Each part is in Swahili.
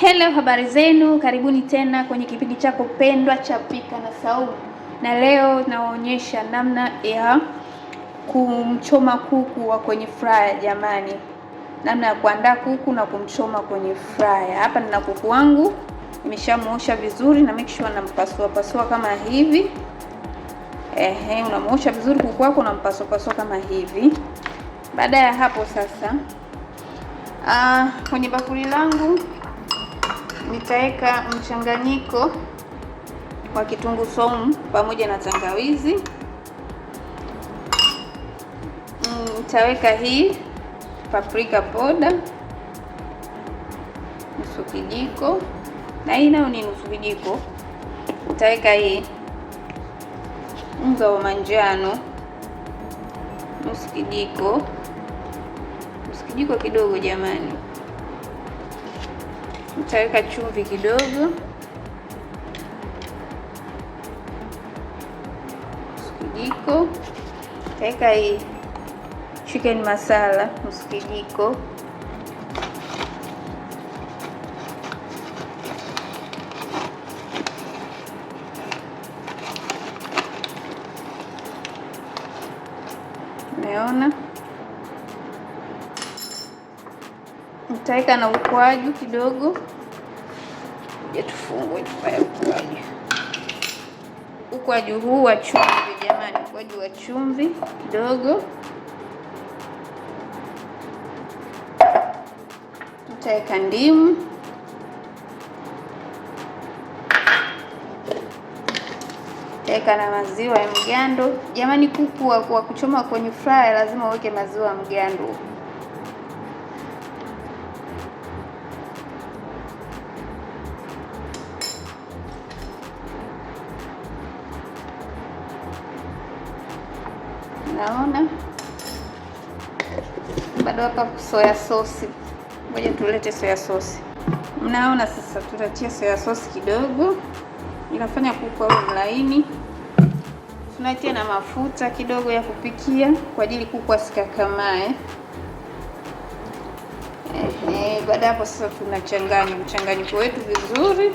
Hello, habari zenu, karibuni tena kwenye kipindi chako pendwa cha Pika na Saumu, na leo nawaonyesha namna ya kumchoma kuku wa kwenye fryer. Jamani, namna ya kuandaa kuku na kumchoma kwenye fryer. Hapa nina kuku wangu nimeshamuosha vizuri, na make sure nampasua pasua kama hivi. Ehe, unamuosha vizuri kuku wako, unampasua pasua kama hivi. Baada ya hapo sasa Uh, kwenye bakuli langu nitaweka mchanganyiko wa kitunguu saumu pamoja na tangawizi. Mm, nitaweka hii paprika poda nusu kijiko, na hii nayo ni nusu kijiko. Nitaweka hii unga wa manjano nusu kijiko kijiko kidogo jamani. Nitaweka chumvi kidogo, kijiko. Nitaweka hii chicken masala nusu kijiko. Umeona? nitaweka na ukwaju kidogo. Je, tufungue ya ukwaju. Ukwaju huu wa chumvi jamani, ukwaju wa chumvi kidogo nitaweka ndimu weka na maziwa ya mgando jamani. Kuku wa kuchoma kwenye fryer lazima uweke maziwa ya mgando. naona bado hapa soya sosi. Ngoja tulete soya sosi. Mnaona sasa, tutatia soya sosi kidogo, inafanya kuku awe mlaini. Tunatia na mafuta kidogo ya kupikia kwa ajili kuku asikakamae. Baada hapo sasa, tunachanganya mchanganyiko wetu vizuri.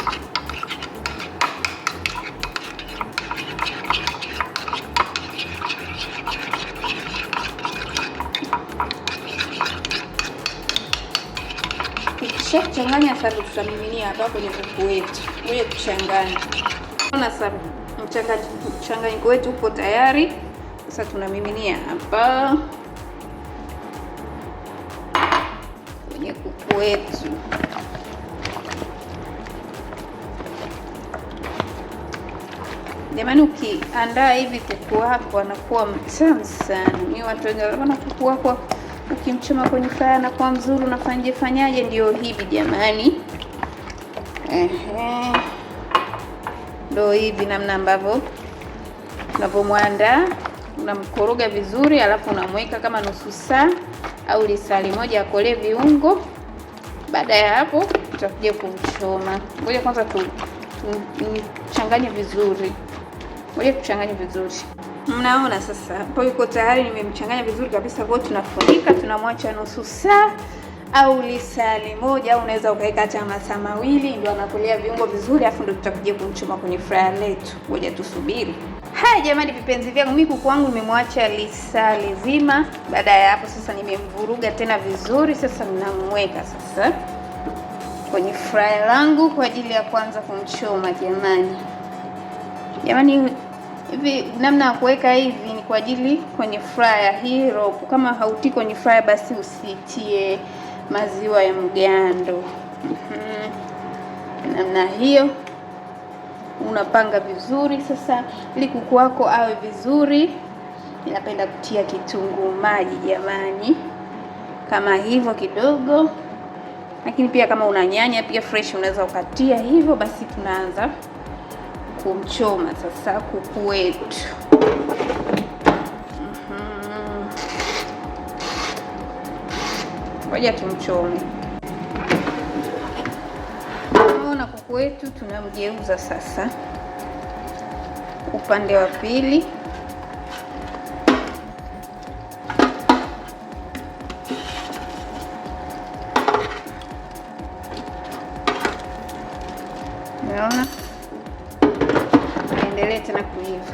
Tukishakuchanganya saru, tutamiminia hapa kwenye kuku wetu, kuja tuchanganye. Ona saru, mchanganyiko wetu upo tayari. Sasa tunamiminia hapa kwenye kuku wetu. Jamani, ukiandaa hivi kuku wako anakuwa mtamu sana. Ni watu wengi kuku wako ukimchoma kwenye faya na kwa mzuri unafanyaje fanyaje? Ndio hivi jamani, ehe, ndio hivi namna ambavyo unavyomwandaa unamkoroga vizuri, alafu unamweka kama nusu saa au lisaa moja akolee viungo. Baada ya hapo, tutakuja kumchoma Ngoja kwanza tu mchanganye vizuri. Ngoja tuchanganye vizuri. Mnaona sasa hapo yuko tayari, nimemchanganya vizuri kabisa. Kwa hiyo tunafunika, tunamwacha nusu saa au lisali limoja, au unaweza ukaweka hata masaa mawili, ndio anakolea viungo vizuri, afu ndio tutakuja kumchoma kwenye fryer letu. Ngoja tusubiri. Haya jamani, vipenzi vyangu, mimi kuku wangu nimemwacha lisali zima. Baada ya hapo sasa, nimemvuruga tena vizuri. Sasa namweka sasa kwenye fryer langu kwa ajili ya kwanza kumchoma. Jamani jamani hivi namna ya kuweka hivi ni kwa ajili kwenye fryer hii rope. Kama hautii kwenye fryer, basi usitie maziwa ya mgando. Mhm. Namna hiyo unapanga vizuri sasa, ili kuku wako awe vizuri. Ninapenda kutia kitunguu maji jamani, kama hivyo kidogo, lakini pia kama una nyanya pia fresh unaweza ukatia hivyo. Basi tunaanza kumchoma sasa kuku wetu. Mhm. Ngoja Tumchome. Naona kuku wetu tunamgeuza sasa upande wa pili. Naona sana kuiva.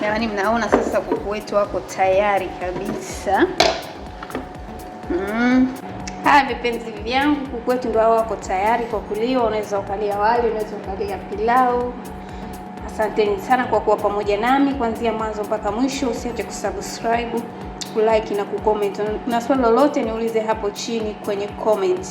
Jamani, mnaona sasa kuku wetu wako tayari kabisa. Mm. Haya vipenzi vyangu, kuku wetu ndio hao wako tayari kwa kuliwa. Unaweza ukalia wali, unaweza ukalia pilau. Asanteni sana kwa kuwa pamoja nami kuanzia mwanzo mpaka mwisho. Usiache kusubscribe, kulike na kucomment. Na swali lolote niulize hapo chini kwenye comment.